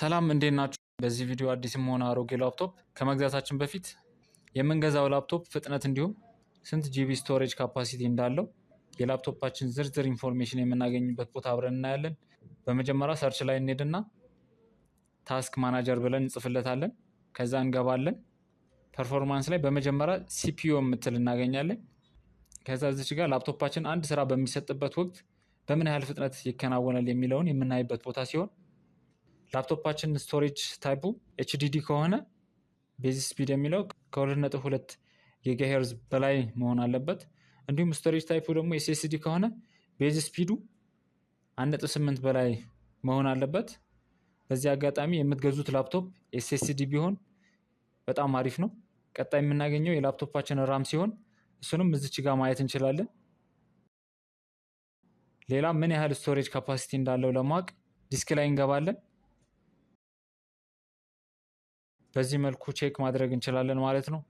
ሰላም እንዴት ናችሁ? በዚህ ቪዲዮ አዲስ ሆነ አሮጌ ላፕቶፕ ከመግዛታችን በፊት የምንገዛው ላፕቶፕ ፍጥነት እንዲሁም ስንት ጂቢ ስቶሬጅ ካፓሲቲ እንዳለው የላፕቶፓችን ዝርዝር ኢንፎርሜሽን የምናገኝበት ቦታ አብረን እናያለን። በመጀመሪያ ሰርች ላይ እንሄድና ታስክ ማናጀር ብለን እንጽፍለታለን። ከዛ እንገባለን። ፐርፎርማንስ ላይ በመጀመሪያ ሲፒዩ የምትል እናገኛለን። ከዛ እዚች ጋር ላፕቶፓችን አንድ ስራ በሚሰጥበት ወቅት በምን ያህል ፍጥነት ይከናወናል የሚለውን የምናይበት ቦታ ሲሆን ላፕቶፓችን ስቶሬጅ ታይፑ ኤችዲዲ ከሆነ ቤዚ ስፒድ የሚለው ከ2.2 ጊጋሄርዝ በላይ መሆን አለበት። እንዲሁም ስቶሬጅ ታይፑ ደግሞ ኤስኤስዲ ከሆነ ቤዚ ስፒዱ 1.8 በላይ መሆን አለበት። በዚህ አጋጣሚ የምትገዙት ላፕቶፕ ኤስኤስዲ ቢሆን በጣም አሪፍ ነው። ቀጣይ የምናገኘው የላፕቶፓችን ራም ሲሆን እሱንም እዚች ጋር ማየት እንችላለን። ሌላ ምን ያህል ስቶሬጅ ካፓሲቲ እንዳለው ለማወቅ ዲስክ ላይ እንገባለን። በዚህ መልኩ ቼክ ማድረግ እንችላለን ማለት ነው።